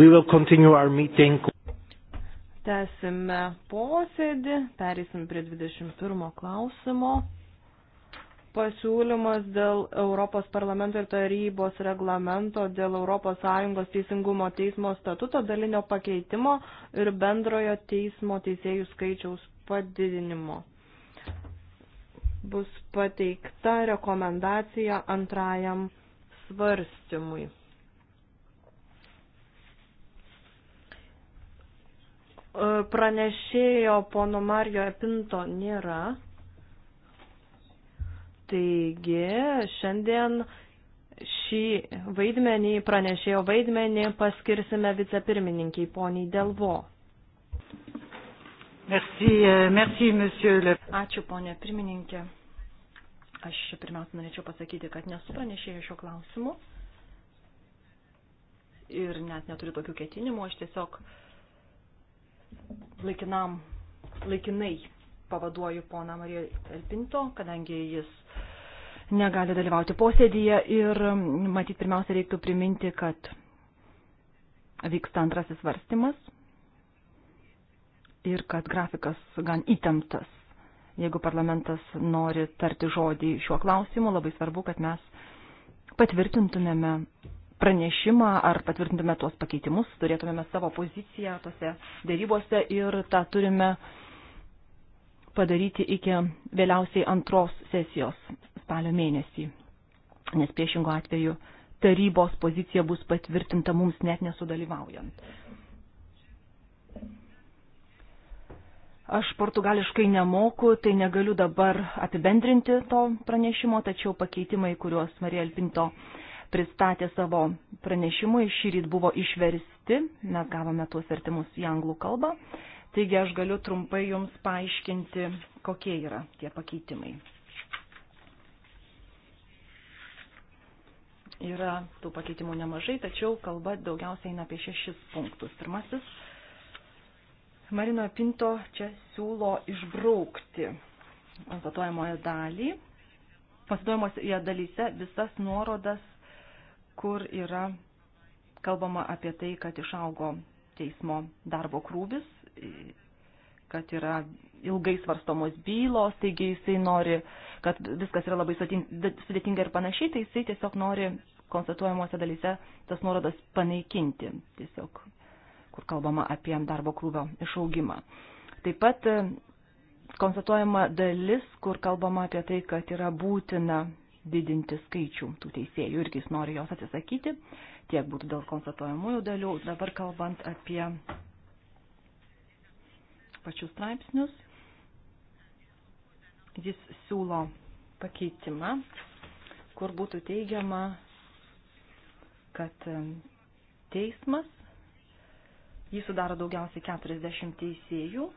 We will continue our meeting. Tęsime posėdį, perėsim prie 21 klausimo. Pasiūlymas dėl Europos parlamento ir tarybos reglamento dėl ES teisingumo teismo statuto dalinio pakeitimo ir bendrojo teismo teisėjų skaičiaus padidinimo. Bus pateikta rekomendacija antrajam svarstymui. E, pranešėjo pono Mario Epinto nėra. Taigi šiandien šį vaidmenį, pranešėjo vaidmenį, paskirsime vicepirmininkiai poniai Delvo. Merci, e, merci, monsieur Le. Ačiū, ponė pirmininkė. Aš pirmiausia norėčiau pasakyti, kad nesu pranešėjo šio klausimu ir net neturiu tokių ketinimų. Aš tiesiog uh, laikinam, laikinai pavaduoju poną Mariją Elpinto, kadangi jis negali dalyvauti posėdyje ir matyt pirmiausia reiktų priminti, kad vyksta antrasis varstimas ir kad grafikas gan įtemptas. Jeigu parlamentas nori tarti žodį šiuo klausimu, labai svarbu, kad mes patvirtintumėme pranešimą ar patvirtintume tuos pakeitimus, turėtumėme savo poziciją tose dėrybose ir tą turime padaryti iki vėliausiai antros sesijos spalio mėnesį, nes priešingo atveju tarybos pozicija bus patvirtinta mums net nesudalyvaujant. Aš portugališkai nemoku, tai negaliu dabar apibendrinti to pranešimo, tačiau pakeitimai, kuriuos Marija Alpinto uh, pristatė savo pranešimui, šį ryt buvo išversti, mes gavome tuos vertimus į anglų kalbą, taigi aš galiu trumpai jums paaiškinti, kokie yra tie pakeitimai. Yra tų pakeitimų nemažai, tačiau kalba daugiausiai eina apie šešis punktus. Pirmasis, Marino Pinto čia siūlo išbraukti konstatuojamoje dalį, konstatuojamoje dalyse visas nuorodas kur yra kalbama apie tai, kad išaugo teismo darbo krūvis, kad yra ilgai svarstomos bylos, taigi jisai nori, kad viskas yra labai sudėtinga ir panašiai, tai jisai tiesiog nori konstatuojamuose dalyse tas nuorodas panaikinti, tiesiog, kur kalbama apie darbo krūvio išaugimą. Taip pat konstatuojama dalis, kur kalbama apie tai, kad yra būtina didinti skaičių tų teisėjų, irgi jis nori jos atsisakyti, tiek būtų dėl konstatuojamųjų dalių. Dabar kalbant apie pačius straipsnius, jis siūlo pakeitimą, kur būtų teigiama, kad teismas, jį sudaro daugiausiai 40 teisėjų,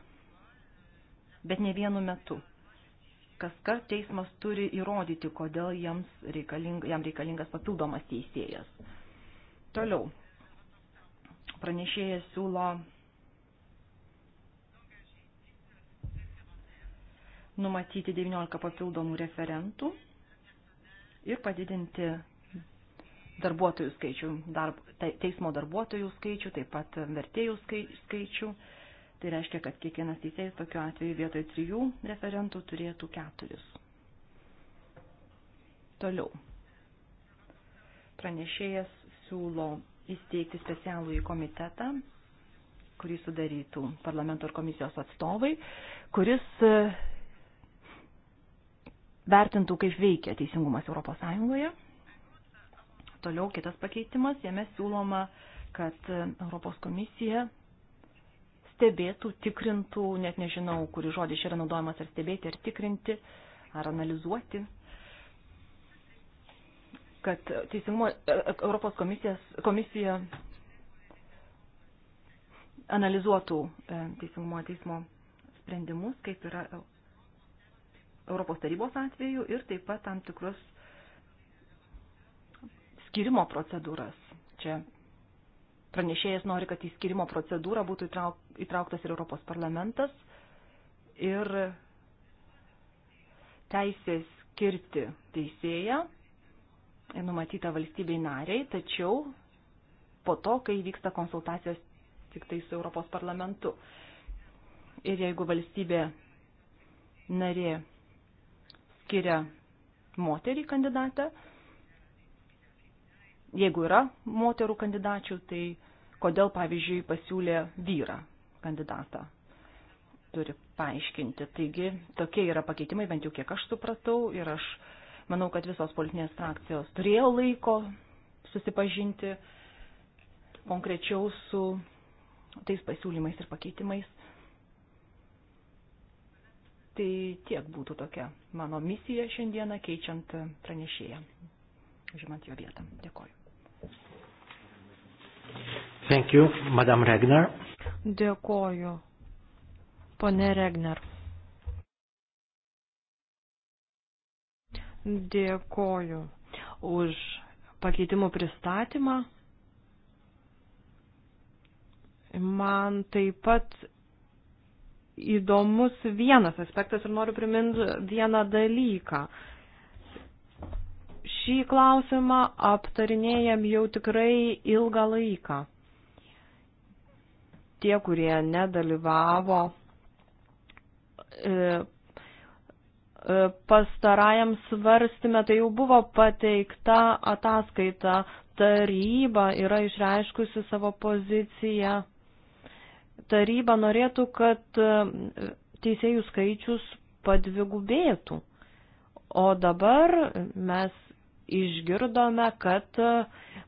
bet ne vienu metu kas kart teismas turi įrodyti, kodėl reikaling, jam reikalingas papildomas teisėjas. Toliau. Pranešėjas siūlo numatyti 19 papildomų referentų ir padidinti darbuotojų skaičių, darb, teismo darbuotojų skaičių, taip pat vertėjų skaičių Tai reiškia, kad kiekvienas teisėjas tokiu atveju vietoj trijų referentų turėtų keturis. Toliau. Pranešėjas siūlo įsteigti specialų į komitetą, kurį sudarytų parlamento ir komisijos atstovai, kuris e, vertintų, kaip veikia teisingumas Europos Sąjungoje. Toliau kitas pakeitimas, jame siūloma, kad e, Europos komisija stebėtų, tikrintų, net nežinau, kuris žodis yra naudojamas ar stebėti, ar tikrinti, ar analizuoti, kad teisingumo e, e, Europos komisija analizuotų e, teisingumo teismo sprendimus, kaip yra Europos tarybos atveju ir taip pat tam tikrus skirimo procedūras. Čia pranešėjas nori, kad į skirimo procedūrą būtų įtrauktas ir Europos parlamentas ir teisė skirti teisėją numatyta valstybei nariai, tačiau po to, kai vyksta konsultacijos tik tai su Europos parlamentu. Ir jeigu valstybė narė skiria moterį kandidatę, jeigu yra moterų kandidačių, tai kodėl, pavyzdžiui, pasiūlė vyrą kandidatą. Turi paaiškinti. Taigi, tokie yra pakeitimai, bent jau kiek aš supratau ir aš manau, kad visos politinės frakcijos turėjo laiko susipažinti konkrečiau su tais pasiūlymais ir pakeitimais. Tai tiek būtų tokia mano misija šiandieną keičiant pranešėją, žinant jo vietą. Dėkoju. Thank you, Madam Regner. Dėkoju, ponė Regner. Dėkoju už pakeitimų pristatymą. Man taip pat įdomus vienas aspektas ir noriu priminti vieną dalyką. Šį klausimą aptarinėjam jau tikrai ilgą laiką tie, kurie nedalyvavo e, e, pastarajam svarstime, tai jau buvo pateikta ataskaita, taryba yra išreiškusi savo poziciją. Taryba norėtų, kad e, teisėjų skaičius padvigubėtų. O dabar mes išgirdome, kad e,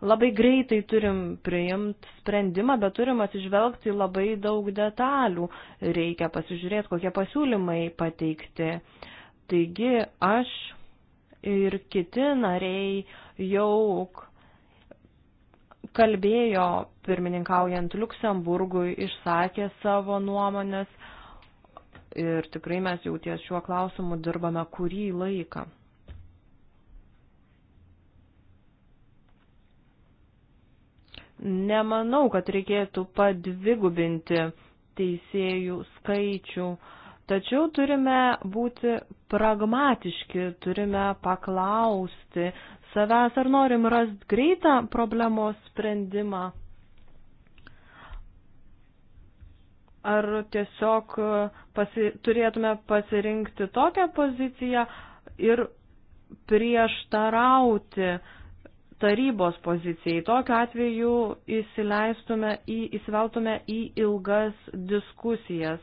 labai greitai turim priimti sprendimą, bet turim atsižvelgti labai daug detalių. Reikia pasižiūrėti, kokie pasiūlymai pateikti. Taigi aš ir kiti nariai jau kalbėjo pirmininkaujant Luksemburgui, išsakė savo nuomonės ir tikrai mes jau ties šiuo klausimu dirbame kurį laiką. Nemanau, kad reikėtų padvigubinti teisėjų skaičių, tačiau turime būti pragmatiški, turime paklausti savęs, ar norim rasti greitą problemos sprendimą, ar tiesiog pasi, turėtume pasirinkti tokią poziciją ir prieštarauti uh, tarybos pozicijai. Tokiu atveju įsileistume į, įsiveltume į ilgas diskusijas.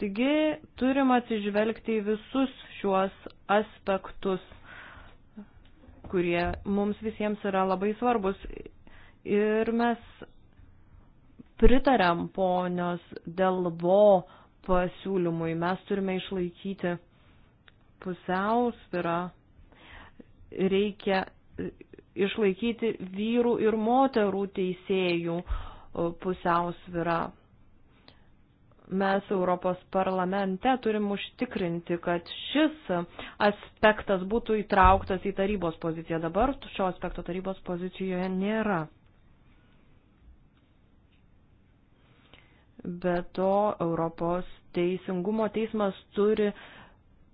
Taigi turim atsižvelgti į visus šiuos aspektus, kurie mums visiems yra labai svarbus. Ir mes pritariam ponios Delvo pasiūlymui. Mes turime išlaikyti pusiausvyrą. Reikia išlaikyti vyrų ir moterų teisėjų pusiausvirą. Mes Europos parlamente turim užtikrinti, kad šis aspektas būtų įtrauktas į tarybos poziciją. Dabar šio aspekto tarybos pozicijoje nėra. Be to, Europos teisingumo teismas turi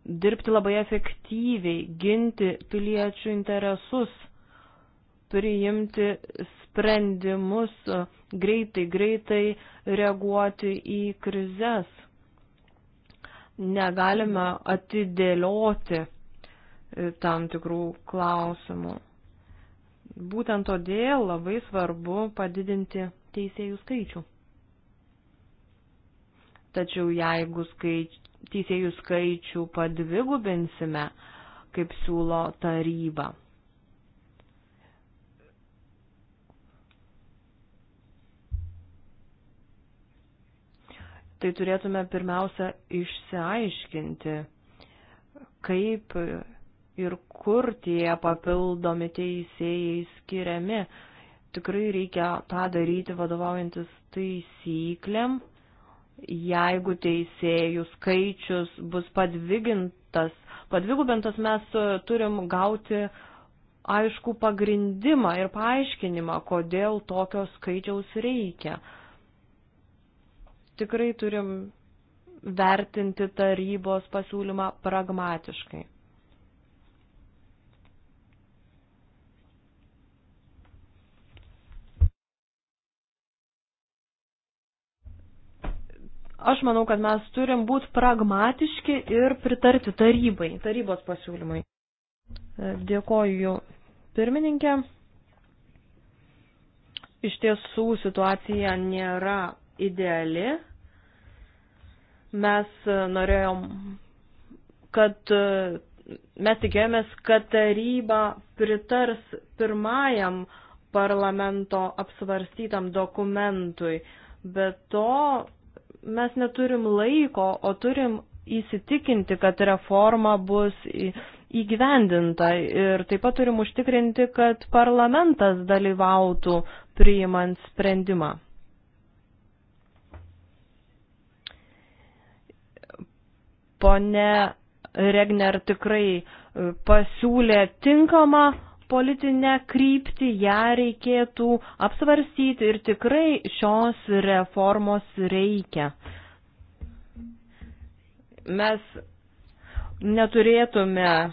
dirbti labai efektyviai, ginti piliečių interesus turi imti sprendimus, e, greitai, greitai reaguoti į krizes. Negalime atidėlioti e, tam tikrų klausimų. Būtent todėl labai svarbu padidinti teisėjų skaičių. Tačiau jeigu skaič, teisėjų skaičių padvigubinsime, kaip siūlo taryba, tai turėtume pirmiausia išsiaiškinti, kaip ir kur tie papildomi teisėjai skiriami. Tikrai reikia tą daryti vadovaujantis taisyklėm. Jeigu teisėjų skaičius bus padvigintas, padvigubintas mes turim gauti aišku pagrindimą ir paaiškinimą, kodėl tokio skaičiaus reikia tikrai turim vertinti tarybos pasiūlymą pragmatiškai. Aš manau, kad mes turim būti pragmatiški ir pritarti tarybai, tarybos pasiūlymai. Dėkoju pirmininkė. Iš tiesų situacija nėra ideali. Mes e, norėjom, kad e, mes tikėjomės, kad taryba pritars pirmajam parlamento apsvarstytam dokumentui, bet to mes neturim laiko, o turim įsitikinti, kad reforma bus įgyvendinta ir taip pat turim užtikrinti, kad parlamentas dalyvautų priimant sprendimą. Pone Regner tikrai e, pasiūlė tinkamą politinę kryptį, ją reikėtų apsvarstyti ir tikrai šios reformos reikia. Mes neturėtume e,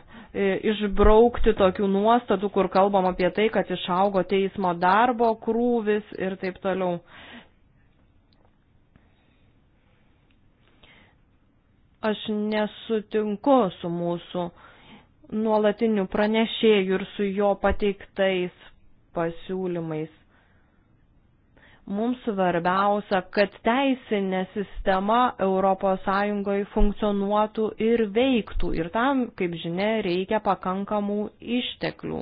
išbraukti tokių nuostatų, kur kalbam apie tai, kad išaugo teismo darbo krūvis ir taip toliau. Aš nesutinku su mūsų nuolatiniu pranešėju ir su jo pateiktais pasiūlymais. Mums svarbiausia, kad teisinė sistema ES funkcionuotų ir veiktų ir tam, kaip žinia, reikia pakankamų išteklių.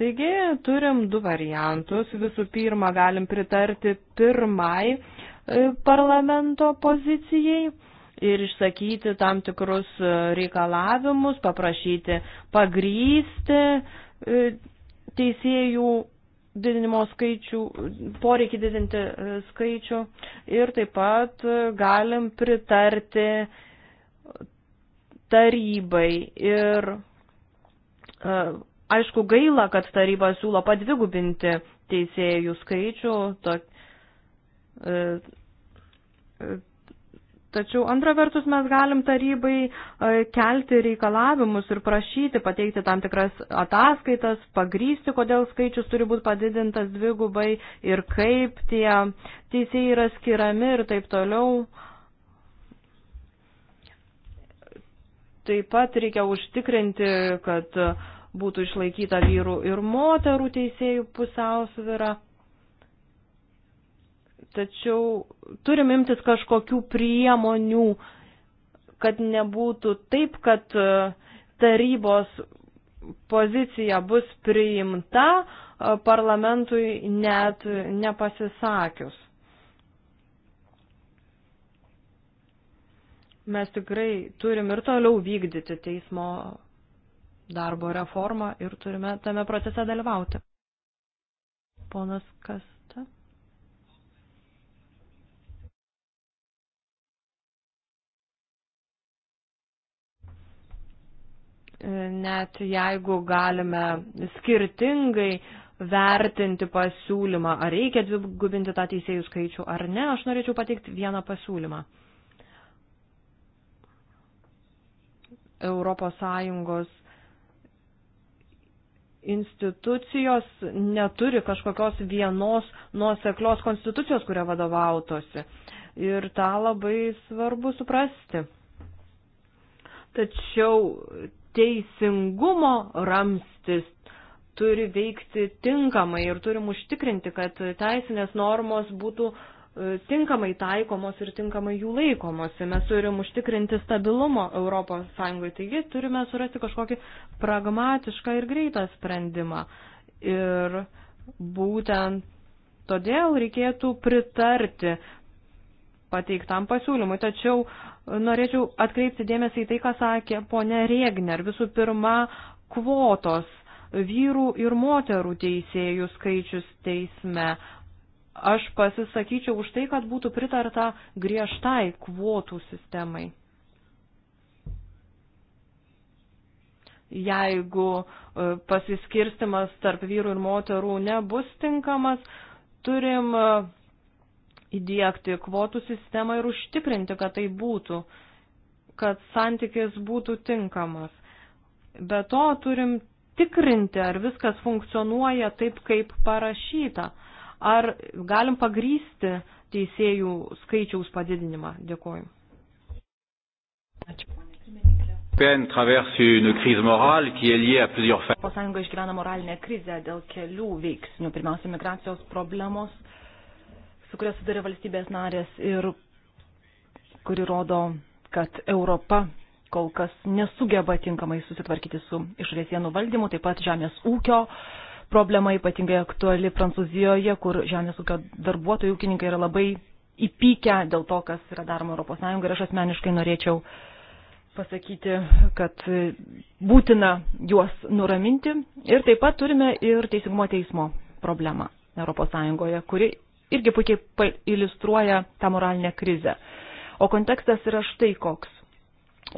Taigi turim du variantus. Visų pirma, galim pritarti pirmai E, parlamento pozicijai ir išsakyti tam tikrus e, reikalavimus, paprašyti pagrysti e, teisėjų didinimo skaičių, poreikį didinti skaičių ir taip pat galim pritarti tarybai ir aišku gaila, kad taryba siūlo padvigubinti teisėjų skaičių, to, Tačiau antra vertus mes galim tarybai e, kelti reikalavimus ir prašyti pateikti tam tikras ataskaitas, pagrysti, kodėl skaičius turi būti padidintas dvigubai ir kaip tie teisėjai yra skiriami ir taip toliau. Taip pat reikia užtikrinti, kad būtų išlaikyta vyrų ir moterų teisėjų pusiausvyra. Tačiau turim imtis kažkokių priemonių, kad nebūtų taip, kad e, tarybos pozicija bus priimta e, parlamentui net nepasisakius. Mes tikrai turim ir toliau vykdyti teismo darbo reformą ir turime tame procese dalyvauti. Ponas Kas. net jeigu galime skirtingai vertinti pasiūlymą, ar reikia dvigubinti tą teisėjų skaičių ar ne, aš norėčiau pateikti vieną pasiūlymą. Europos Sąjungos institucijos neturi kažkokios vienos nuoseklios konstitucijos, kurią vadovautosi. Ir tą labai svarbu suprasti. Tačiau teisingumo ramstis turi veikti tinkamai ir turim užtikrinti, kad teisinės normos būtų e, tinkamai taikomos ir tinkamai jų laikomosi. Mes turim užtikrinti stabilumo Europos Sąjungoje, taigi turime surasti kažkokį pragmatišką ir greitą sprendimą. Ir būtent todėl reikėtų pritarti pateiktam pasiūlymui. Tačiau e, norėčiau atkreipti dėmesį į tai, ką sakė ponė Regner. Visų pirma, kvotos vyrų ir moterų teisėjų skaičius teisme. Aš pasisakyčiau už tai, kad būtų pritarta griežtai kvotų sistemai. Jeigu e, pasiskirstimas tarp vyrų ir moterų nebus tinkamas, turim e, įdėkti kvotų sistemą ir užtikrinti, kad tai būtų, kad santykis būtų tinkamas. Be to turim tikrinti, ar viskas funkcionuoja taip, kaip parašyta. Ar galim pagrysti teisėjų skaičiaus padidinimą? Dėkuoju. Ačiū. Europos Sąjunga išgyvena moralinę krizę dėl kelių veiksnių. Pirmiausia, migracijos problemos su kuria sudarė valstybės narės ir kuri rodo, kad Europa kol kas nesugeba tinkamai susitvarkyti su išorės sienų valdymu, taip pat žemės ūkio problema ypatingai aktuali Prancūzijoje, kur žemės ūkio darbuotojų ūkininkai yra labai įpykę dėl to, kas yra daroma ES ir aš asmeniškai norėčiau pasakyti, kad būtina juos nuraminti ir taip pat turime ir teisingumo teismo problemą ES, kuri irgi puikiai iliustruoja tą moralinę krizę. O kontekstas yra štai koks.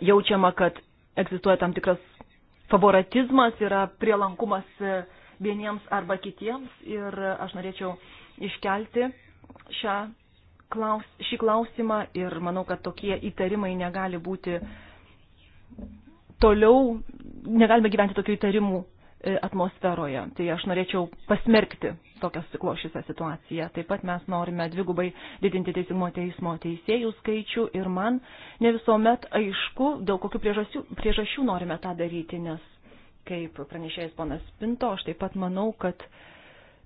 Jaučiama, kad egzistuoja tam tikras favoratizmas, yra prielankumas vieniems arba kitiems ir aš norėčiau iškelti šią klaus, šį klausimą ir manau, kad tokie įtarimai negali būti toliau, negalime gyventi tokių įtarimų e, atmosferoje. Tai aš norėčiau pasmerkti tokia susiklošysią situacija. Taip pat mes norime dvigubai didinti teisingumo teismo teisėjų skaičių ir man ne visuomet aišku, dėl kokių priežasčių, priežasčių norime tą daryti, nes kaip pranešėjas ponas Pinto, aš taip pat manau, kad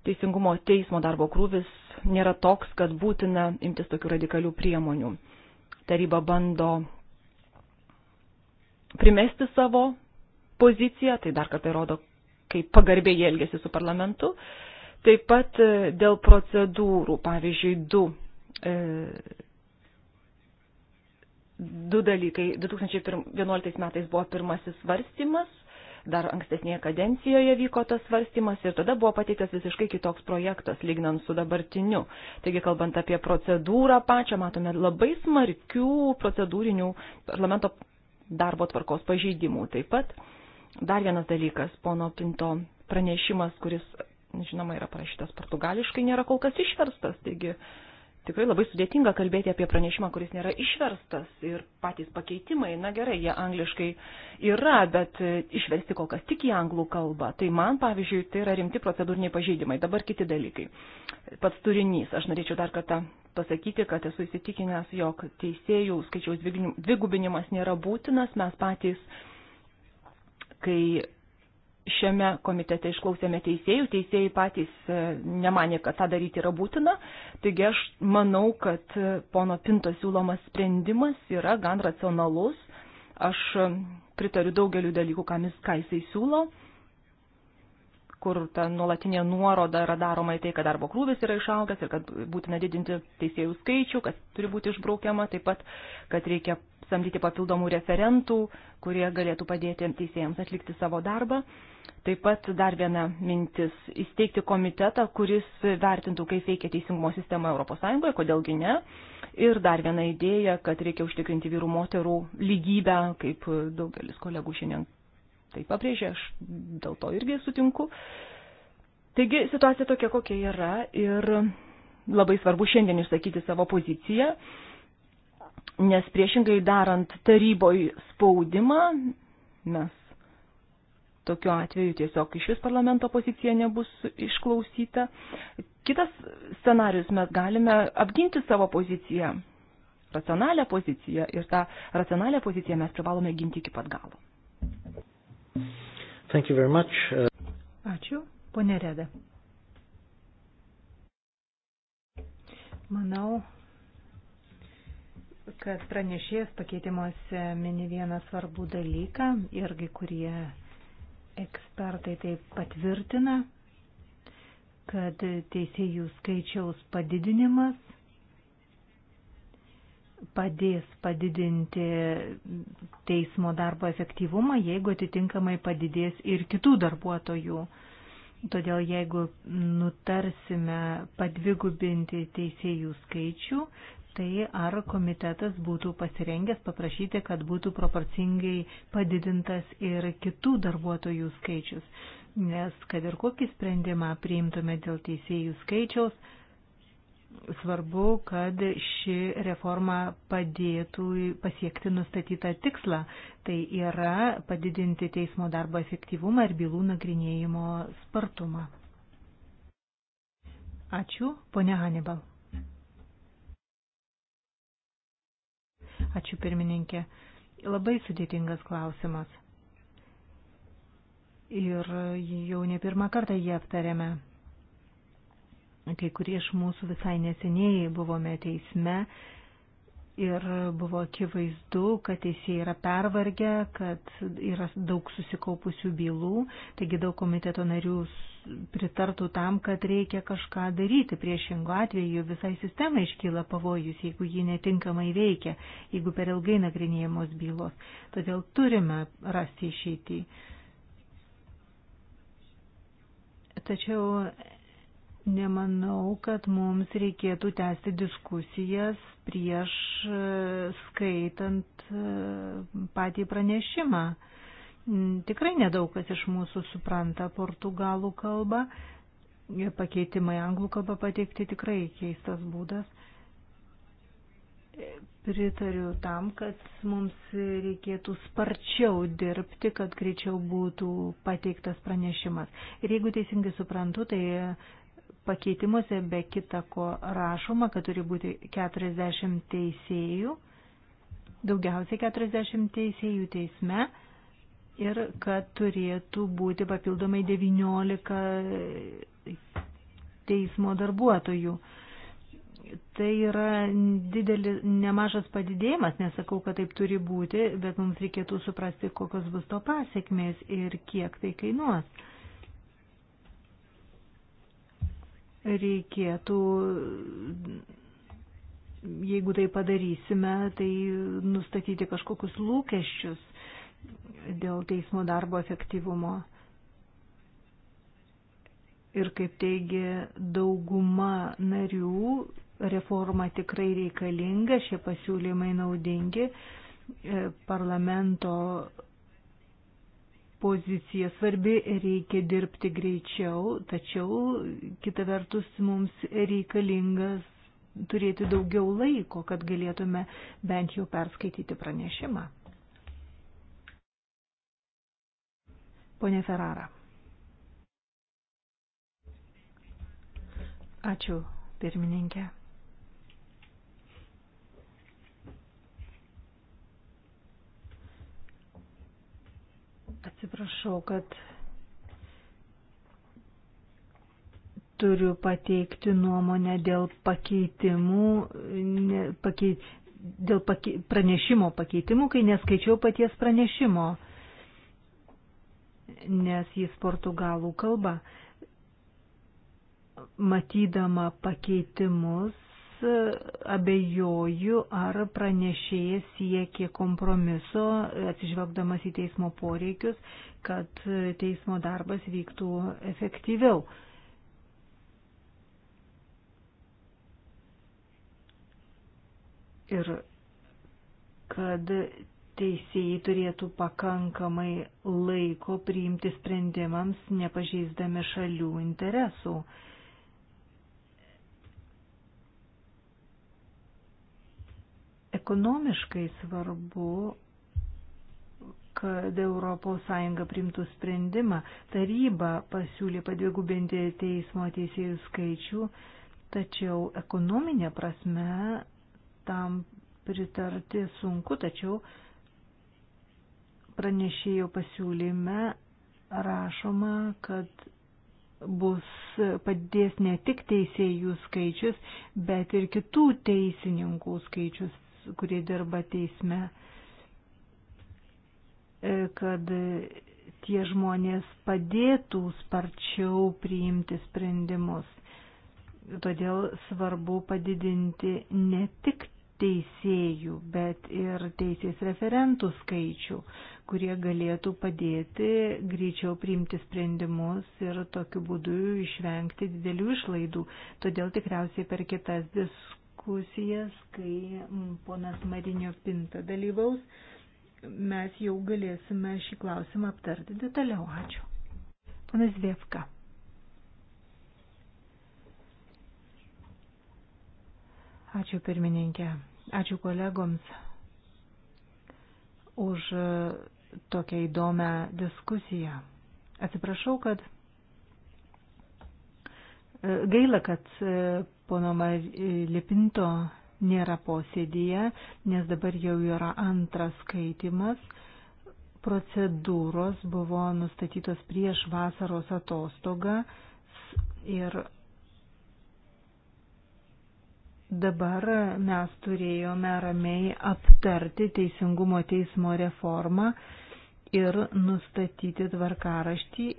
teisingumo teismo darbo krūvis nėra toks, kad būtina imtis tokių radikalių priemonių. Taryba bando primesti savo poziciją, tai dar kartą rodo, kaip pagarbiai elgesi su parlamentu. Taip pat e, dėl procedūrų, pavyzdžiui, du, e, du dalykai. 2011 metais buvo pirmasis svarstymas, dar ankstesnėje kadencijoje vyko tas svarstymas ir tada buvo pateiktas visiškai kitoks projektas, lygnant su dabartiniu. Taigi, kalbant apie procedūrą pačią, matome labai smarkių procedūrinių parlamento darbo tvarkos pažeidimų. Taip pat dar vienas dalykas, pono Pinto pranešimas, kuris žinoma, yra parašytas portugališkai, nėra kol kas išverstas. Taigi tikrai labai sudėtinga kalbėti apie pranešimą, kuris nėra išverstas ir patys pakeitimai, na gerai, jie angliškai yra, bet išversti kol kas tik į anglų kalbą. Tai man, pavyzdžiui, tai yra rimti procedūriniai pažeidimai. Dabar kiti dalykai. Pats turinys, aš norėčiau dar kartą pasakyti, kad esu įsitikinęs, jog teisėjų skaičiaus dvigubinimas nėra būtinas, mes patys, kai šiame komitete išklausėme teisėjų, teisėjai patys e, nemanė, kad tą daryti yra būtina. Taigi aš manau, kad e, pono Pinto siūlomas sprendimas yra gan racionalus. Aš e, pritariu daugeliu dalykų, ką jisai siūlo kur ta nuolatinė nuoroda yra daroma į tai, kad darbo krūvis yra išaugęs ir kad būtina didinti teisėjų skaičių, kas turi būti išbraukiama, taip pat, kad reikia samdyti papildomų referentų, kurie galėtų padėti teisėjams atlikti savo darbą. Taip pat dar viena mintis - įsteigti komitetą, kuris vertintų, kaip veikia teisingumo sistema ES, kodėlgi ne. Ir dar viena idėja, kad reikia užtikrinti vyrų moterų lygybę, kaip daugelis kolegų šiandien tai pabrėžė, aš dėl to irgi sutinku. Taigi situacija tokia, kokia yra ir labai svarbu šiandien išsakyti savo poziciją, nes priešingai darant taryboj spaudimą, mes tokiu atveju tiesiog iš vis parlamento pozicija nebus išklausyta. Kitas scenarius mes galime apginti savo poziciją, racionalią poziciją ir tą racionalią poziciją mes privalome ginti iki pat galo. Thank you very much. Ačiū, ponė Reda. Manau, kad pranešėjas pakeitimuose mini vieną svarbų dalyką irgi, kurie ekspertai taip patvirtina, kad teisėjų skaičiaus padidinimas padės padidinti teismo darbo efektyvumą, jeigu atitinkamai padidės ir kitų darbuotojų. Todėl jeigu nutarsime padvigubinti teisėjų skaičių, tai ar komitetas būtų pasirengęs paprašyti, kad būtų proporcingai padidintas ir kitų darbuotojų skaičius. Nes kad ir kokį sprendimą priimtume dėl teisėjų skaičiaus, svarbu, kad ši reforma padėtų pasiekti nustatytą tikslą. Tai yra padidinti teismo darbo efektyvumą ir bylų nagrinėjimo spartumą. Ačiū, ponia Hannibal. Ačiū, pirmininkė. Labai sudėtingas klausimas. Ir jau ne pirmą kartą jį aptarėme. Kai kurie iš mūsų visai neseniai buvome teisme ir buvo akivaizdu, kad teisėjai yra pervargę, kad yra daug susikaupusių bylų, taigi daug komiteto narių pritartų tam, kad reikia kažką daryti. Priešingų atveju visai sistemai iškyla pavojus, jeigu ji netinkamai veikia, jeigu per ilgai nagrinėjamos bylos. Todėl turime rasti išeitį. Tačiau Nemanau, kad mums reikėtų tęsti diskusijas prieš e, skaitant e, patį pranešimą. Mm, tikrai nedaug kas iš mūsų supranta portugalų kalbą. Pakeitimai anglų kalbą pateikti tikrai keistas būdas. Pritariu tam, kad mums reikėtų sparčiau dirbti, kad greičiau būtų pateiktas pranešimas. Ir jeigu teisingai suprantu, tai pakeitimuose be kita ko rašoma, kad turi būti 40 teisėjų, daugiausiai 40 teisėjų teisme ir kad turėtų būti papildomai 19 teismo darbuotojų. Tai yra didelis, nemažas padidėjimas, nesakau, kad taip turi būti, bet mums reikėtų suprasti, kokios bus to pasiekmės ir kiek tai kainuos. reikėtų, jeigu tai padarysime, tai nustatyti kažkokius lūkesčius dėl teismo darbo efektyvumo. Ir kaip teigia dauguma narių, reforma tikrai reikalinga, šie pasiūlymai naudingi, parlamento pozicija svarbi, reikia dirbti greičiau, tačiau kita vertus mums reikalingas turėti daugiau laiko, kad galėtume bent jau perskaityti pranešimą. Pone Ferrara. Ačiū, pirmininkė. Atsiprašau, kad turiu pateikti nuomonę dėl pakeitimų, ne, pakei, dėl pake, pranešimo pakeitimų, kai neskaičiau paties pranešimo, nes jis portugalų kalba. Matydama pakeitimus, abejoju, ar pranešėjas siekė kompromiso, atsižvelgdamas į teismo poreikius, kad teismo darbas vyktų efektyviau. Ir kad teisėjai turėtų pakankamai laiko priimti sprendimams, nepažeisdami šalių interesų. ekonomiškai svarbu, kad ES primtų sprendimą. Taryba pasiūlė padvigubinti teismo teisėjų skaičių, tačiau ekonominė prasme tam pritarti sunku, tačiau pranešėjo pasiūlyme rašoma, kad bus padės ne tik teisėjų skaičius, bet ir kitų teisininkų skaičius kurie dirba teisme, e, kad tie žmonės padėtų sparčiau priimti sprendimus. Todėl svarbu padidinti ne tik teisėjų, bet ir teisės referentų skaičių, kurie galėtų padėti greičiau priimti sprendimus ir tokiu būdu išvengti didelių išlaidų. Todėl tikriausiai per kitas diskusijas diskusijas, kai mm, ponas Marinio Pinta dalyvaus, mes jau galėsime šį klausimą aptarti detaliau. Ačiū. Ponas Vievka. Ačiū pirmininkė. Ačiū kolegoms už e, tokią įdomią diskusiją. Atsiprašau, kad e, gaila, kad e, pono Lipinto nėra posėdėje, nes dabar jau yra antras skaitimas. Procedūros buvo nustatytos prieš vasaros atostogą ir dabar mes turėjome ramiai aptarti Teisingumo teismo reformą ir nustatyti tvarkaraštį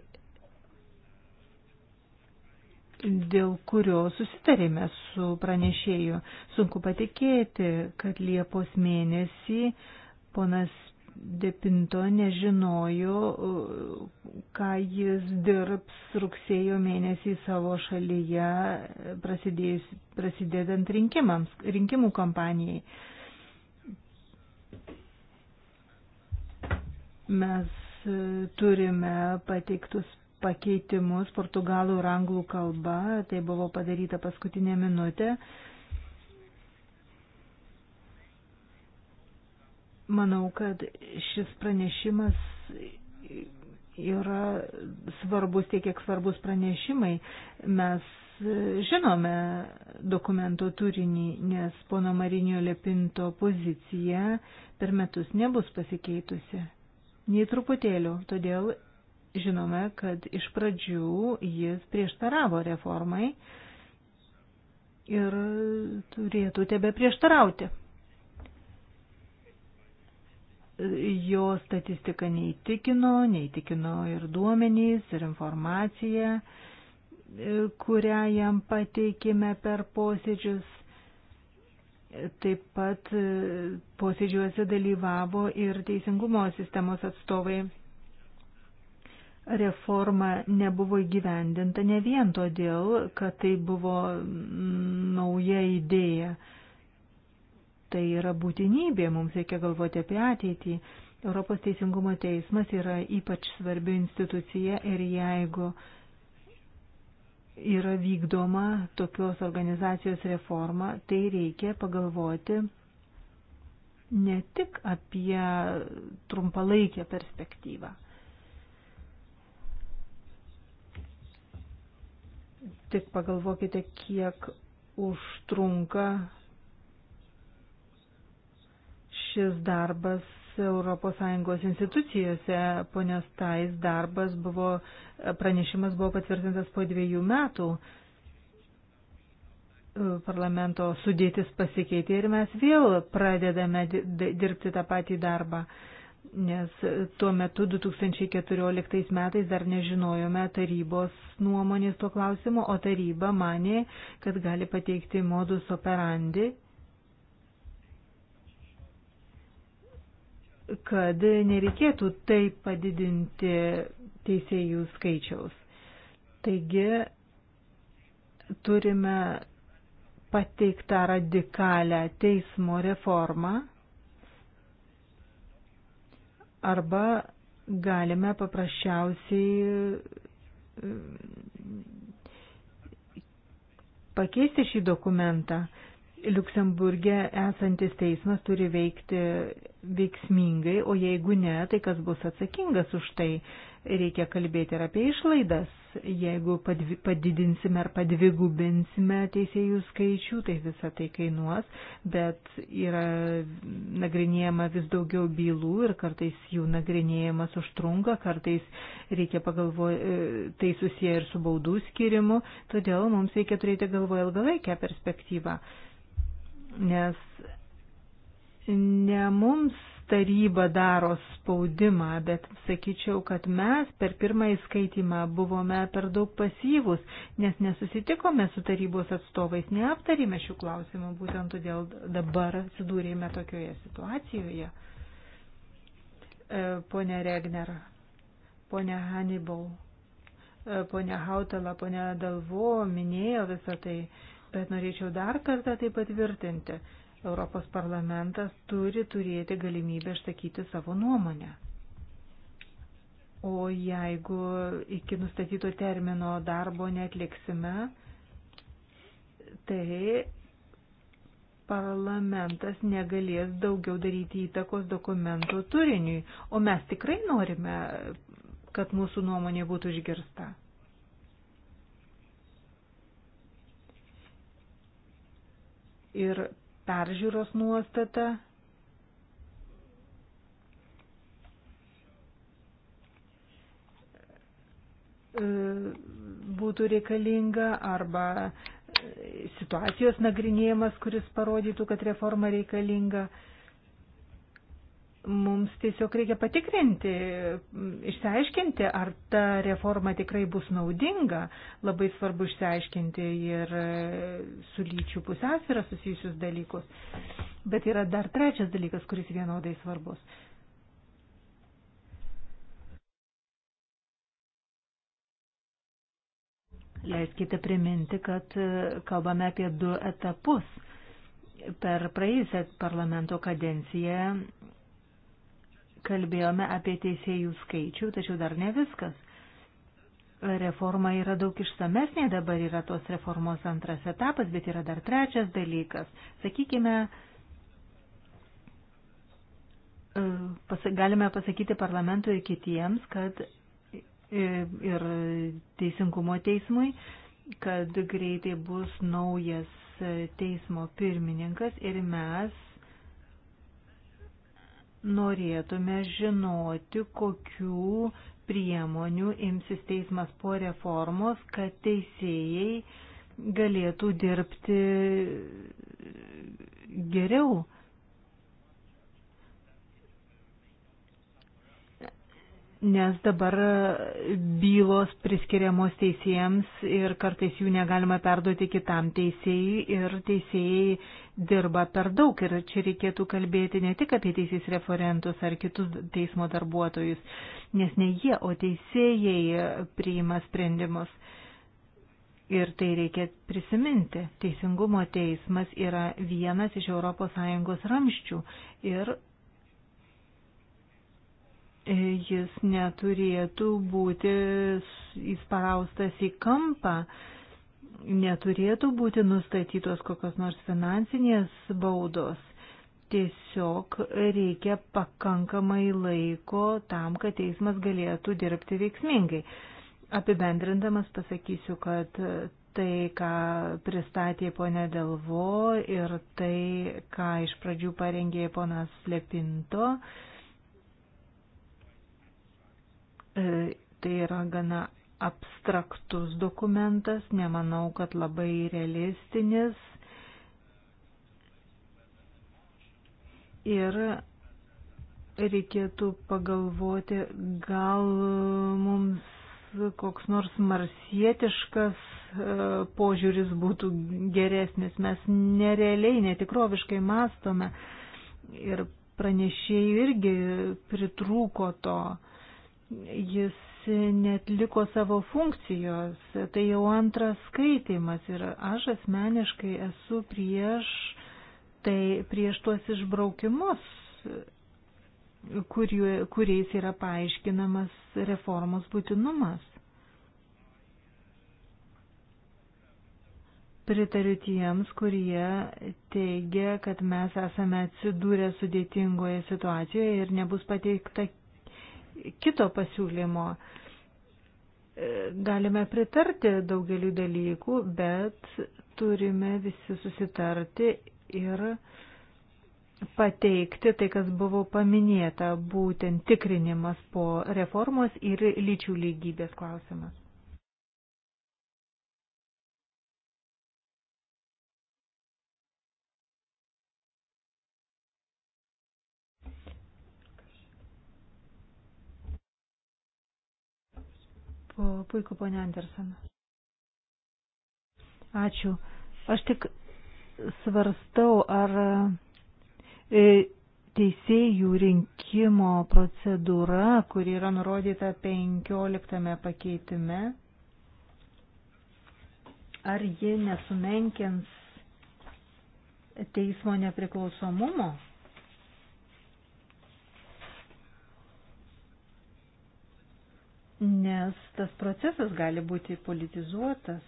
dėl kurio susitarėme su pranešėju. Sunku patikėti, kad Liepos mėnesį ponas Depinto nežinojo, ką jis dirbs rugsėjo mėnesį savo šalyje prasidėjus, prasidedant rinkimams, rinkimų kampanijai. Mes turime pateiktus pakeitimus portugalų ir anglų kalba. Tai buvo padaryta paskutinė minutė. Manau, kad šis pranešimas yra svarbus tiek, kiek svarbus pranešimai. Mes žinome dokumento turinį, nes pono Marinio Lepinto pozicija per metus nebus pasikeitusi. Nei truputėlių, todėl žinome, kad iš pradžių jis prieštaravo reformai ir turėtų tebe prieštarauti. Jo statistika neįtikino, neįtikino ir duomenys, ir informacija, kurią jam pateikime per posėdžius. Taip pat posėdžiuose dalyvavo ir teisingumo sistemos atstovai reforma nebuvo įgyvendinta ne vien todėl, kad tai buvo nauja idėja. Tai yra būtinybė, mums reikia galvoti apie ateitį. Europos teisingumo teismas yra ypač svarbi institucija ir jeigu yra vykdoma tokios organizacijos reforma, tai reikia pagalvoti ne tik apie trumpalaikę perspektyvą. Tik pagalvokite, kiek užtrunka šis darbas ES institucijose. Ponios Tais darbas buvo, pranešimas buvo patvirtintas po dviejų metų. Parlamento sudėtis pasikeitė ir mes vėl pradedame dirbti tą patį darbą nes tuo metu 2014 metais dar nežinojome tarybos nuomonės tuo klausimu, o taryba manė, kad gali pateikti modus operandi, kad nereikėtų taip padidinti teisėjų skaičiaus. Taigi turime pateiktą radikalią teismo reformą arba galime paprasčiausiai e, pakeisti šį dokumentą. Liuksemburgė esantis teismas turi veikti veiksmingai, o jeigu ne, tai kas bus atsakingas už tai. Reikia kalbėti ir apie išlaidas. Jeigu padidinsime ar padvigubinsime teisėjų skaičių, tai visa tai kainuos, bet yra nagrinėjama vis daugiau bylų ir kartais jų nagrinėjimas užtrunka, kartais reikia pagalvoti, e, tai susiję ir su baudų skirimu, todėl mums reikia turėti galvoje ilgalaikę perspektyvą. Nes ne mums taryba daro spaudimą, bet sakyčiau, kad mes per pirmąjį skaitimą buvome per daug pasyvus, nes nesusitikome su tarybos atstovais, neaptarėme šių klausimų, būtent todėl dabar atsidūrėme tokioje situacijoje. E, pone Regner, pone Hannibal, e, pone Hautala, pone Dalvo minėjo visą tai, bet norėčiau dar kartą tai patvirtinti Europos parlamentas turi turėti galimybę išsakyti savo nuomonę. O jeigu iki nustatyto termino darbo netliksime, tai parlamentas negalės daugiau daryti įtakos dokumento turiniui, o mes tikrai norime, kad mūsų nuomonė būtų išgirsta. Ir peržiūros nuostata. E, būtų reikalinga arba e, situacijos nagrinėjimas, kuris parodytų, kad reforma reikalinga. E, Mums tiesiog reikia patikrinti, išsiaiškinti, ar ta reforma tikrai bus naudinga. Labai svarbu išsiaiškinti ir e, su lyčių pusės yra susijusius dalykus. Bet yra dar trečias dalykas, kuris vienodai svarbus. Leiskite priminti, kad e, kalbame apie du etapus. Per praėjusią parlamento kadenciją kalbėjome apie teisėjų skaičių, tačiau dar ne viskas. Reforma yra daug išsamesnė, dabar yra tos reformos antras etapas, bet yra dar trečias dalykas. Sakykime, galime pasakyti parlamentui ir kitiems, kad ir teisingumo teismui, kad greitai bus naujas teismo pirmininkas ir mes norėtume žinoti, kokių priemonių imsis teismas po reformos, kad teisėjai galėtų dirbti geriau. Nes dabar bylos priskiriamos teisėjams ir kartais jų negalima perduoti kitam teisėjui ir teisėjai dirba per daug ir čia reikėtų kalbėti ne tik apie teisės referentus ar kitus teismo darbuotojus, nes ne jie, o teisėjai priima sprendimus. Ir tai reikia prisiminti. Teisingumo teismas yra vienas iš ES ramščių ir jis neturėtų būti įsparaustas į kampą neturėtų būti nustatytos kokios nors finansinės baudos. Tiesiog reikia pakankamai laiko tam, kad teismas galėtų dirbti veiksmingai. Apibendrindamas pasakysiu, kad tai, ką pristatė ponė Delvo ir tai, ką iš pradžių parengė ponas Lepinto, e, tai yra gana abstraktus dokumentas, nemanau, kad labai realistinis. Ir reikėtų pagalvoti, gal mums koks nors marsietiškas e, požiūris būtų geresnis. Mes nerealiai, netikroviškai mastome ir pranešėjų irgi pritrūko to. Jis netliko savo funkcijos. Tai jau antras skaitimas ir aš asmeniškai esu prieš, tai prieš tuos išbraukimus, kuriu, kuriais yra paaiškinamas reformos būtinumas. Pritariu tiems, kurie teigia, kad mes esame atsidūrę sudėtingoje situacijoje ir nebus pateikta kito pasiūlymo. E, galime pritarti daugeliu dalykų, bet turime visi susitarti ir pateikti tai, kas buvo paminėta, būtent tikrinimas po reformos ir lyčių lygybės klausimas. Po, puiku, ponė Anderson. Ačiū. Aš tik svarstau, ar e, teisėjų rinkimo procedūra, kuri yra nurodyta 15 pakeitime, ar ji nesumenkins teismo nepriklausomumo? nes tas procesas gali būti politizuotas.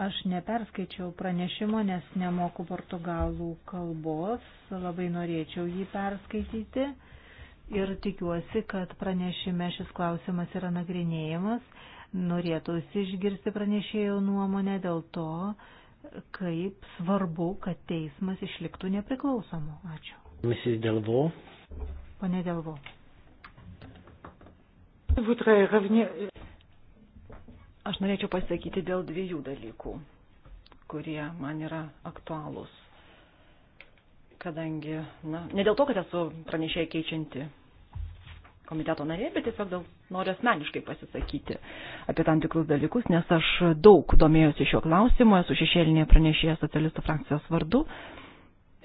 Aš neperskaičiau pranešimo, nes nemoku portugalų kalbos, labai norėčiau jį perskaityti ir tikiuosi, kad pranešime šis klausimas yra nagrinėjimas. Norėtųsi išgirsti pranešėjo nuomonę dėl to, kaip svarbu, kad teismas išliktų nepriklausomu. Ačiū. Mrs. Delvo. Pone Delvo. Aš norėčiau pasakyti dėl dviejų dalykų, kurie man yra aktualūs. Kadangi, na, ne dėl to, kad esu pranešėjai keičianti komiteto narė, bet tiesiog dėl, noriu asmeniškai pasisakyti apie tam tikrus dalykus, nes aš daug domėjusi šiuo klausimu, esu šešėlinė pranešėja socialistų frakcijos vardu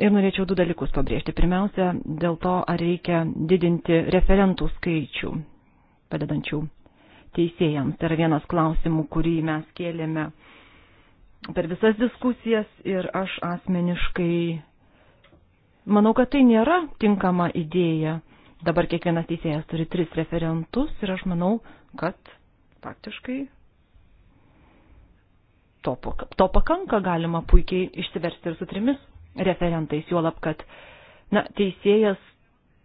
ir norėčiau du dalykus pabrėžti. Pirmiausia, dėl to, ar reikia didinti referentų skaičių padedančių teisėjams. Tai yra vienas klausimų, kurį mes kėlėme per visas diskusijas ir aš asmeniškai manau, kad tai nėra tinkama idėja. Dabar kiekvienas teisėjas turi tris referentus ir aš manau, kad faktiškai to, to pakanka galima puikiai išsiversti ir su trimis referentais, juolab, kad na, teisėjas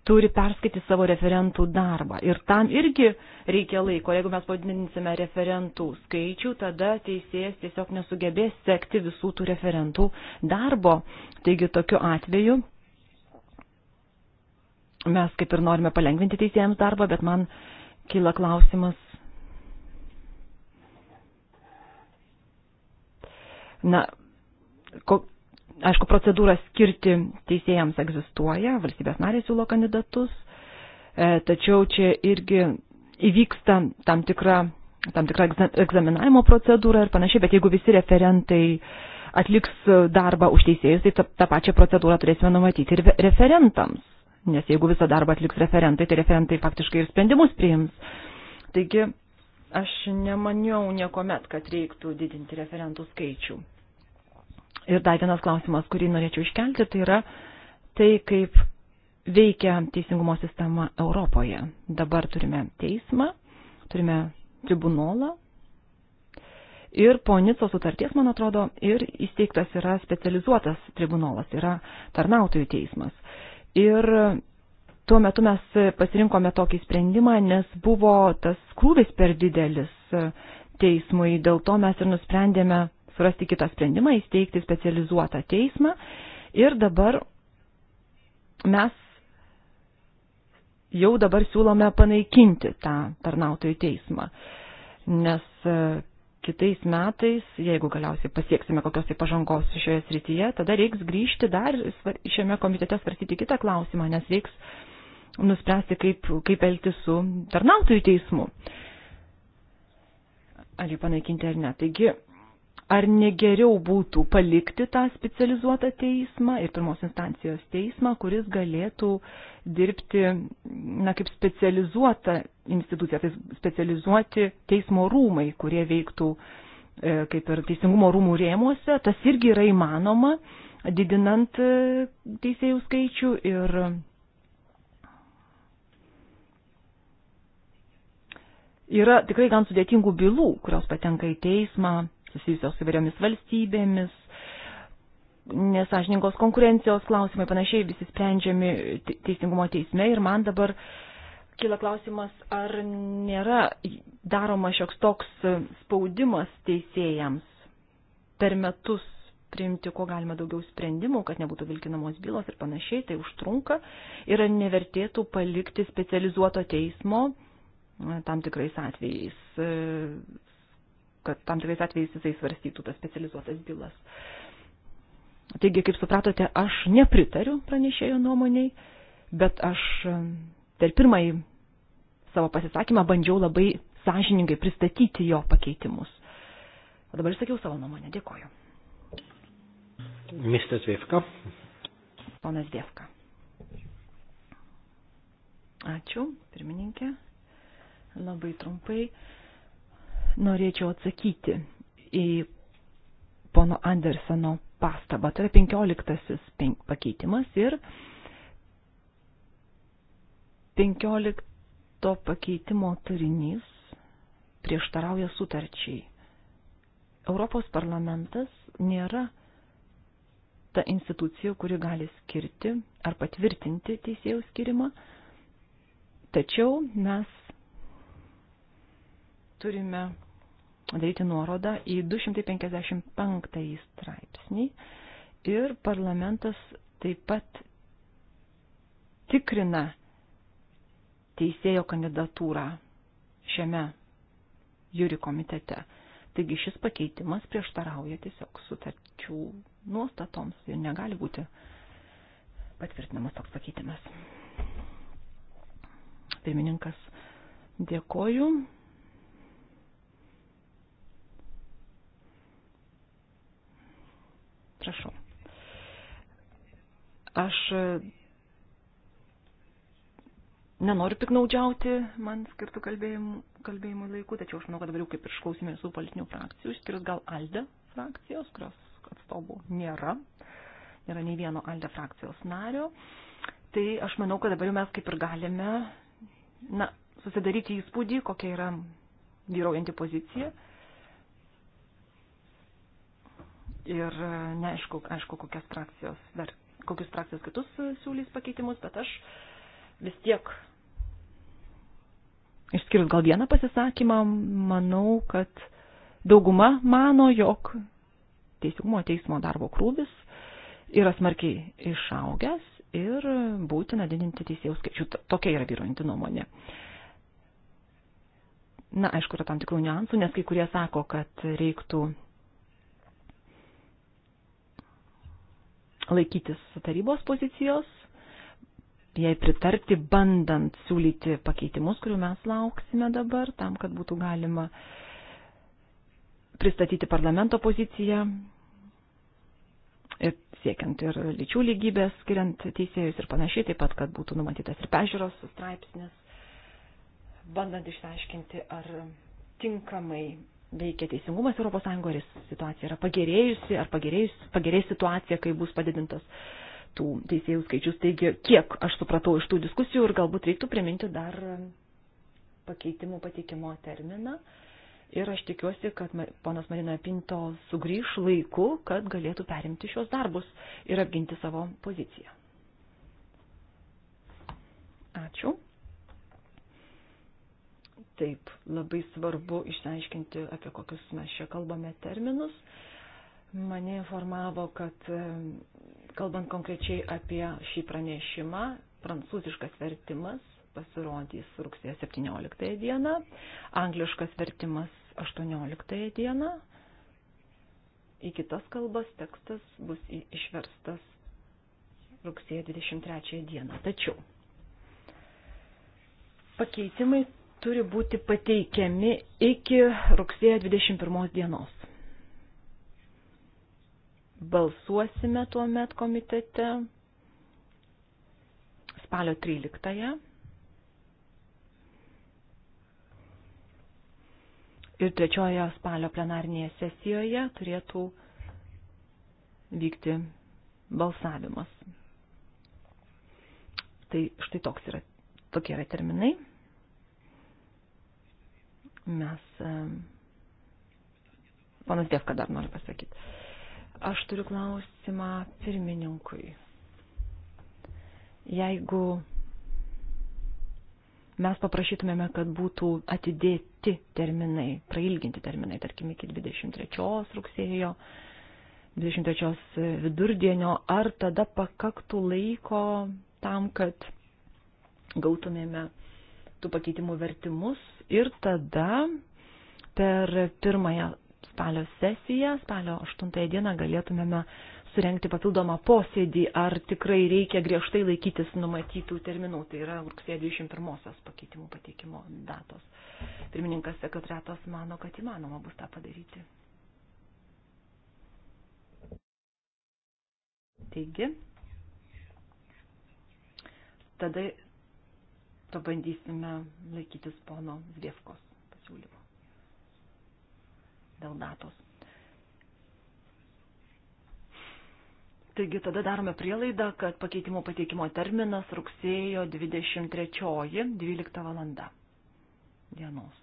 turi perskaityti savo referentų darbą. Ir tam irgi reikia laiko. Jeigu mes padidinsime referentų skaičių, tada teisėjas tiesiog nesugebės sekti visų tų referentų darbo. Taigi tokiu atveju mes kaip ir norime palengvinti teisėjams darbą, bet man kyla klausimas. Na, ko, Aišku, procedūra skirti teisėjams egzistuoja, valstybės narės siūlo kandidatus, e, tačiau čia irgi įvyksta tam tikra, tam tikra egzaminavimo procedūra ir panašiai, bet jeigu visi referentai atliks darbą už teisėjus, tai tą, tą pačią procedūrą turėsime numatyti ir referentams, nes jeigu visą darbą atliks referentai, tai referentai faktiškai ir sprendimus priims. Taigi, aš nemaniau niekuomet, kad reiktų didinti referentų skaičių. Ir dar vienas klausimas, kurį norėčiau iškelti, tai yra tai, kaip veikia teisingumo sistema Europoje. Dabar turime teismą, turime tribunolą. Ir po Nico sutarties, man atrodo, ir įsteigtas yra specializuotas tribunolas, yra tarnautojų teismas. Ir tuo metu mes pasirinkome tokį sprendimą, nes buvo tas krūvis per didelis teismui, dėl to mes ir nusprendėme surasti kitą sprendimą, įsteigti specializuotą teismą. Ir dabar mes jau dabar siūlome panaikinti tą tarnautojų teismą, nes e, kitais metais, jeigu galiausiai pasieksime kokios tai pažangos šioje srityje, tada reiks grįžti dar šiame komitete svarstyti kitą klausimą, nes reiks nuspręsti, kaip, kaip elgtis su tarnautojų teismu. Ar jį panaikinti ar ne. Taigi, ar negeriau būtų palikti tą specializuotą teismą ir pirmos instancijos teismą, kuris galėtų dirbti, na, kaip specializuota institucija, tai specializuoti teismo rūmai, kurie veiktų e, kaip ir teisingumo rūmų rėmuose, tas irgi yra įmanoma, didinant e, teisėjų skaičių ir yra tikrai gan sudėtingų bylų, kurios patenka į teismą susijusios su įvairiomis valstybėmis, nesažininkos konkurencijos klausimai, panašiai visi sprendžiami teisingumo teisme ir man dabar kyla klausimas, ar nėra daroma šioks toks spaudimas teisėjams per metus priimti, ko galima daugiau sprendimų, kad nebūtų vilkinamos bylos ir panašiai, tai užtrunka ir nevertėtų palikti specializuoto teismo tam tikrais atvejais kad tam tikrais atvejais jisai svarstytų tas specializuotas bylas. Taigi, kaip supratote, aš nepritariu pranešėjo nuomoniai, bet aš per pirmąjį savo pasisakymą bandžiau labai sąžiningai pristatyti jo pakeitimus. O dabar išsakiau savo nuomonę. Dėkoju. Mr. Zviefka. Ponas Zviefka. Ačiū, pirmininkė. Labai trumpai norėčiau atsakyti į pono Andersono pastabą. Tai yra penkioliktasis pakeitimas ir penkiolikto pakeitimo turinys prieštarauja sutarčiai. Europos parlamentas nėra ta institucija, kuri gali skirti ar patvirtinti teisėjų skirimą, tačiau mes turime daryti nuorodą į 255 straipsnį ir parlamentas taip pat tikrina teisėjo kandidatūrą šiame jūri komitete. Taigi šis pakeitimas prieštarauja tiesiog sutarčių nuostatoms ir negali būti patvirtinamas toks pakeitimas. Pirmininkas, dėkoju. Prašau. Aš e, nenoriu piknaudžiauti man skirtų kalbėjimų, kalbėjimų laikų, tačiau aš manau, kad dabar jau kaip ir išklausime visų politinių frakcijų, išskirius gal ALDE frakcijos, kurios atstovų nėra, nėra nei vieno ALDE frakcijos nario. Tai aš manau, kad dabar jau mes kaip ir galime na, susidaryti įspūdį, kokia yra vyraujanti pozicija. Mhm Ir e, neaišku, aišku, kokias frakcijos dar, kokius frakcijos kitus e, siūlys pakeitimus, bet aš vis tiek, išskyrus gal vieną pasisakymą, manau, kad dauguma mano, jog teisingumo teismo darbo krūvis yra smarkiai išaugęs ir būtina didinti teisėjų skaičių. Tokia yra vyruojanti nuomonė. Na, aišku, yra tam tikrų niuansų, nes kai kurie sako, kad reiktų laikytis tarybos pozicijos, jai pritarti, bandant siūlyti pakeitimus, kurių mes lauksime dabar, tam, kad būtų galima pristatyti parlamento poziciją ir siekiant ir lyčių lygybės, skiriant teisėjus ir panašiai, taip pat, kad būtų numatytas ir pežiūros straipsnis, bandant išsiaiškinti, ar tinkamai veikia teisingumas Europos Sąjungoje, ar situacija yra pagerėjusi, ar pagerėjus, pagerės situacija, kai bus padidintas tų teisėjų skaičius. Taigi, kiek aš supratau iš tų diskusijų ir galbūt reiktų priminti dar pakeitimų patikimo terminą. Ir aš tikiuosi, kad ponas Marina Pinto sugrįž laiku, kad galėtų perimti šios darbus ir apginti savo poziciją. Ačiū. Taip, labai svarbu išsiaiškinti, apie kokius mes čia kalbame terminus. Mane informavo, kad kalbant konkrečiai apie šį pranešimą, prancūziškas vertimas pasirodys rugsėjo 17 dieną, angliškas vertimas 18 dieną, į kitas kalbas tekstas bus išverstas rugsėjo 23 dieną. Tačiau pakeitimai turi būti pateikiami iki rugsėjo 21 dienos. Balsuosime tuo met komitete spalio 13-ąją. Ir trečiojo spalio plenarnėje sesijoje turėtų vykti balsavimas. Tai štai toks yra, tokie yra terminai. Mes. E, Panas Dievka dar nori pasakyti. Aš turiu klausimą pirmininkui. Jeigu mes paprašytumėme, kad būtų atidėti terminai, prailginti terminai, tarkim, iki 23 rugsėjo, 23 vidurdienio, ar tada pakaktų laiko tam, kad gautumėme tų pakeitimų vertimus ir tada per pirmąją spalio sesiją, spalio 8 dieną galėtumėme surenkti papildomą posėdį, ar tikrai reikia griežtai laikytis numatytų terminų, tai yra rugsėjo 21-osios pakeitimų pateikimo datos. Pirmininkas sekretariatas mano, kad įmanoma bus tą padaryti. Taigi, tada pabandysime laikytis pono Zvieskos pasiūlymo dėl datos. Taigi tada darome prielaidą, kad pakeitimo pateikimo terminas rugsėjo 23.12 valanda dienos.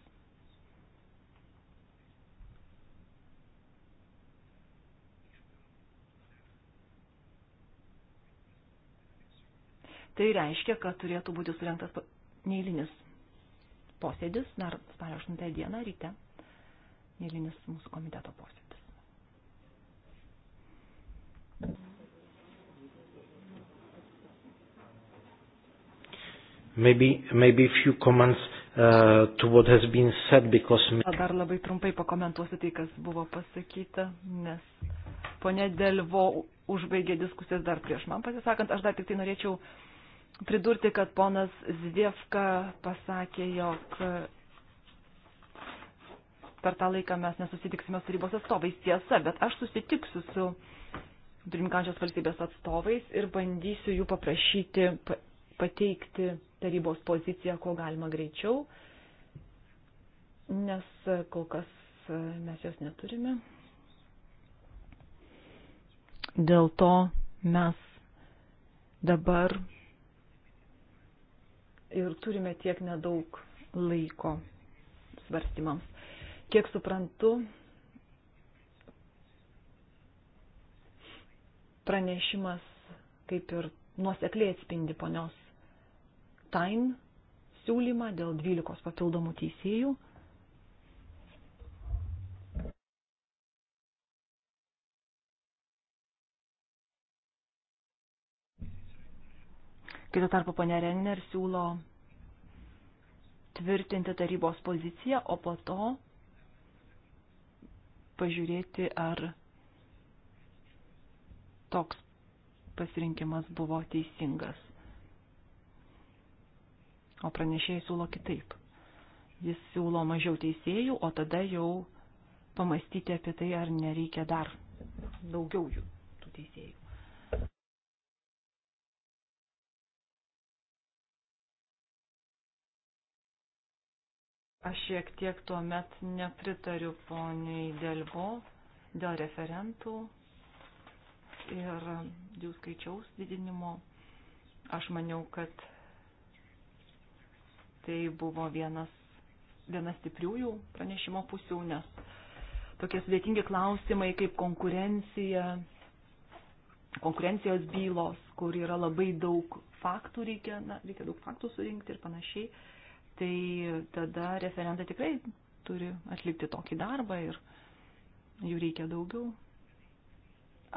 Tai reiškia, kad turėtų būti surinktas neįlinis posėdis, dar spalio 8 dieną ryte, neįlinis mūsų komiteto posėdis. Maybe, maybe few comments uh, to what has been said because... Dar labai trumpai pakomentuosiu tai, kas buvo pasakyta, nes ponė Delvo užbaigė diskusijas dar prieš man pasisakant. Aš dar tik tai norėčiau uh, pridurti, kad ponas Zviefka pasakė, jog per tą laiką mes nesusitiksime su rybos atstovais. Tiesa, bet aš susitiksiu su pirmininkančios valstybės atstovais ir bandysiu jų paprašyti pateikti tarybos poziciją, ko galima greičiau, nes kol kas mes jos neturime. Dėl to mes dabar ir turime tiek nedaug laiko svarstymams. Kiek suprantu, pranešimas kaip ir nuosekliai atspindi ponios Tain siūlymą dėl 12 papildomų teisėjų. Kito tarpu ponė Renner siūlo tvirtinti tarybos poziciją, o po to pažiūrėti, ar toks pasirinkimas buvo teisingas. O pranešėjai siūlo kitaip. Jis siūlo mažiau teisėjų, o tada jau pamastyti apie tai, ar nereikia dar daugiau jų tų teisėjų. Aš šiek tiek tuo met nepritariu poniai Delvo dėl referentų ir jų skaičiaus didinimo. Aš maniau, kad tai buvo vienas, vienas stipriųjų pranešimo pusių, nes tokie sudėtingi klausimai kaip konkurencija, konkurencijos bylos, kur yra labai daug faktų, reikia, na, reikia daug faktų surinkti ir panašiai tai tada referentai tikrai turi atlikti tokį darbą ir jų reikia daugiau.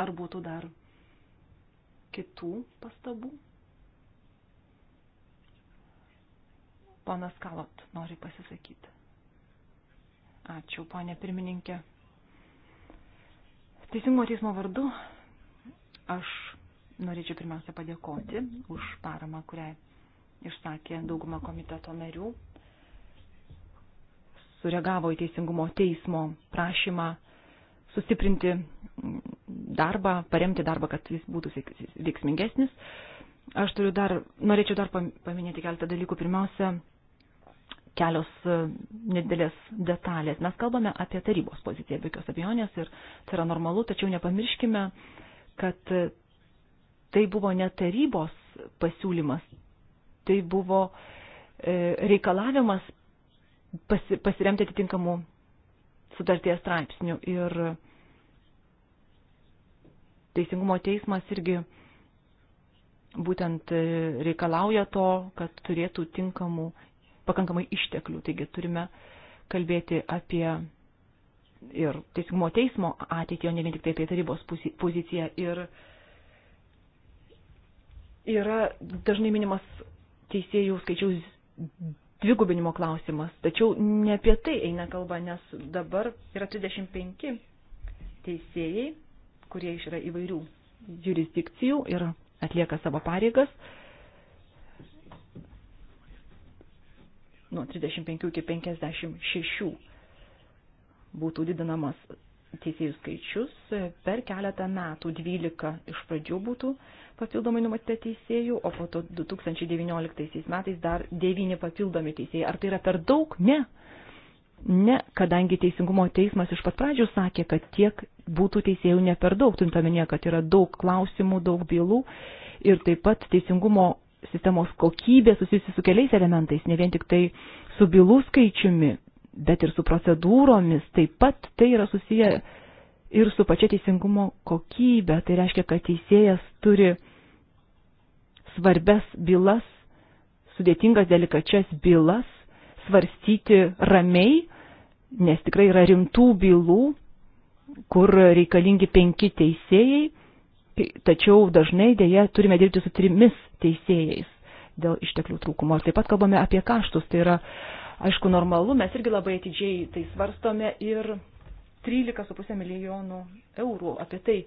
Ar būtų dar kitų pastabų? Ponas Kalot nori pasisakyti. Ačiū, ponė pirmininkė. Teisingumo teismo vardu aš norėčiau pirmiausia padėkoti už paramą, kurią išsakė dauguma komiteto narių, sureagavo į Teisingumo teismo prašymą sustiprinti darbą, paremti darbą, kad jis būtų veiksmingesnis. Aš turiu dar, norėčiau dar paminėti keletą dalykų. Pirmiausia, kelios e, nedidelės detalės. Mes kalbame apie tarybos poziciją, be jokios abejonės, ir tai yra normalu, tačiau nepamirškime, kad tai buvo ne tarybos pasiūlymas, tai buvo e, reikalavimas pasi, pasiremti atitinkamų sutarties straipsnių. Ir Teisingumo teismas irgi būtent e, reikalauja to, kad turėtų tinkamų, pakankamai išteklių. Taigi turime kalbėti apie ir Teisingumo teismo ateitį, o ne vien tik tai apie tarybos poziciją. Ir yra dažnai minimas teisėjų skaičiaus dvigubinimo klausimas. Tačiau ne apie tai eina kalba, nes dabar yra 35 teisėjai, kurie iš yra įvairių jurisdikcijų ir atlieka savo pareigas. Nuo 35 iki 56 būtų didinamas teisėjų skaičius per keletą metų, 12 iš pradžių būtų papildomai numatyta teisėjų, o po to 2019 metais dar 9 papildomi teisėjai. Ar tai yra per daug? Ne. Ne, kadangi Teisingumo teismas iš pat pradžių sakė, kad tiek būtų teisėjų ne per daug, turint omenyje, kad yra daug klausimų, daug bylų ir taip pat Teisingumo sistemos kokybė susijusi su keliais elementais, ne vien tik tai su bylų skaičiumi, bet ir su procedūromis. Taip pat tai yra susiję ir su pačia teisingumo kokybė. Tai reiškia, kad teisėjas turi svarbes bylas, sudėtingas, delikačias bylas svarstyti ramiai, nes tikrai yra rimtų bylų, kur reikalingi penki teisėjai, tačiau dažnai dėje turime dirbti su trimis teisėjais dėl išteklių trūkumo. Ir taip pat kalbame apie kaštus, tai yra aišku, normalu, mes irgi labai atidžiai tai svarstome ir 13,5 milijonų eurų apie tai.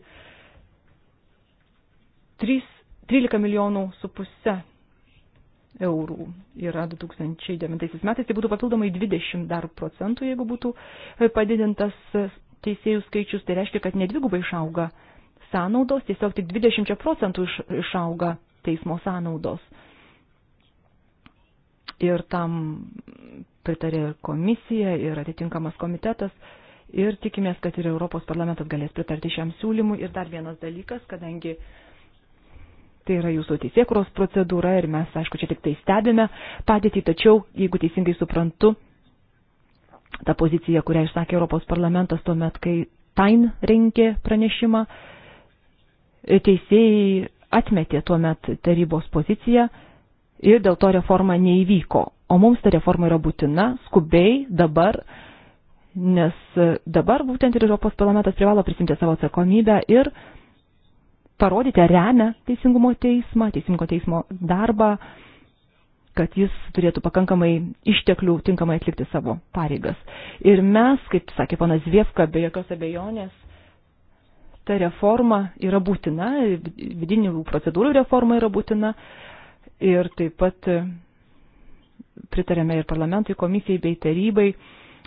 3, 13 milijonų su pusė eurų yra 2009 metais, tai būtų papildomai 20 dar procentų, jeigu būtų e, padidintas teisėjų skaičius, tai reiškia, kad nedvigubai išauga sąnaudos, tiesiog tik 20 procentų išauga teismo sąnaudos ir tam pritarė ir komisija, ir atitinkamas komitetas. Ir tikimės, kad ir Europos parlamentas galės pritarti šiam siūlymui. Ir dar vienas dalykas, kadangi tai yra jūsų teisėkros procedūra ir mes, aišku, čia tik tai stebime padėtį, tačiau, jeigu teisingai suprantu, ta pozicija, kurią išsakė Europos parlamentas tuomet, kai Tain rinkė pranešimą, teisėjai atmetė tuomet tarybos poziciją ir dėl to reforma neįvyko. O mums ta reforma yra būtina, skubiai, dabar, nes dabar būtent ir Europos parlamentas privalo prisimti savo atsakomybę ir parodyti, ar remia teisingumo teismą, teisingo teismo darbą, kad jis turėtų pakankamai išteklių tinkamai atlikti savo pareigas. Ir mes, kaip sakė ponas Zviefka, be jokios abejonės, ta reforma yra būtina, vidinių procedūrų reforma yra būtina, ir taip pat pritarėme ir parlamentui, komisijai bei tarybai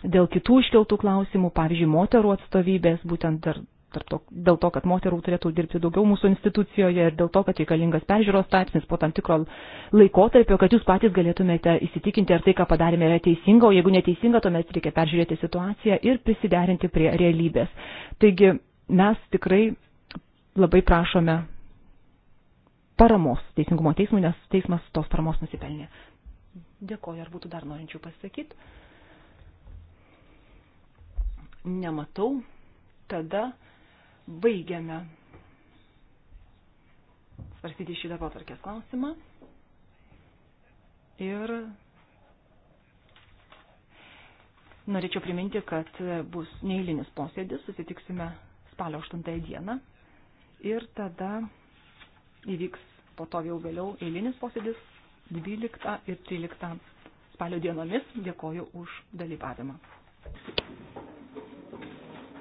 dėl kitų iškeltų klausimų, pavyzdžiui, moterų atstovybės, būtent dar, dar to, dėl to, kad moterų turėtų dirbti daugiau mūsų institucijoje ir dėl to, kad reikalingas peržiūros straipsnis po tam tikro laikotarpio, kad jūs patys galėtumėte įsitikinti, ar tai, ką padarėme, yra teisinga, o jeigu neteisinga, tuomet reikia peržiūrėti situaciją ir prisiderinti prie realybės. Taigi mes tikrai labai prašome paramos teisingumo teismui, nes teismas tos paramos nusipelnė. Dėkoju, ar būtų dar norinčių pasakyti? Nematau. Tada baigiame svarstyti šį darbo tvarkės klausimą. Ir norėčiau priminti, kad bus neįlinis posėdis, susitiksime spalio 8 dieną. Ir tada Įvyks po to jau vėliau eilinis posėdis 12 ir 13 spalio dienomis. Dėkoju už dalyvavimą.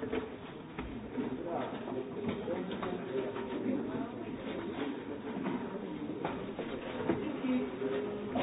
Thank you.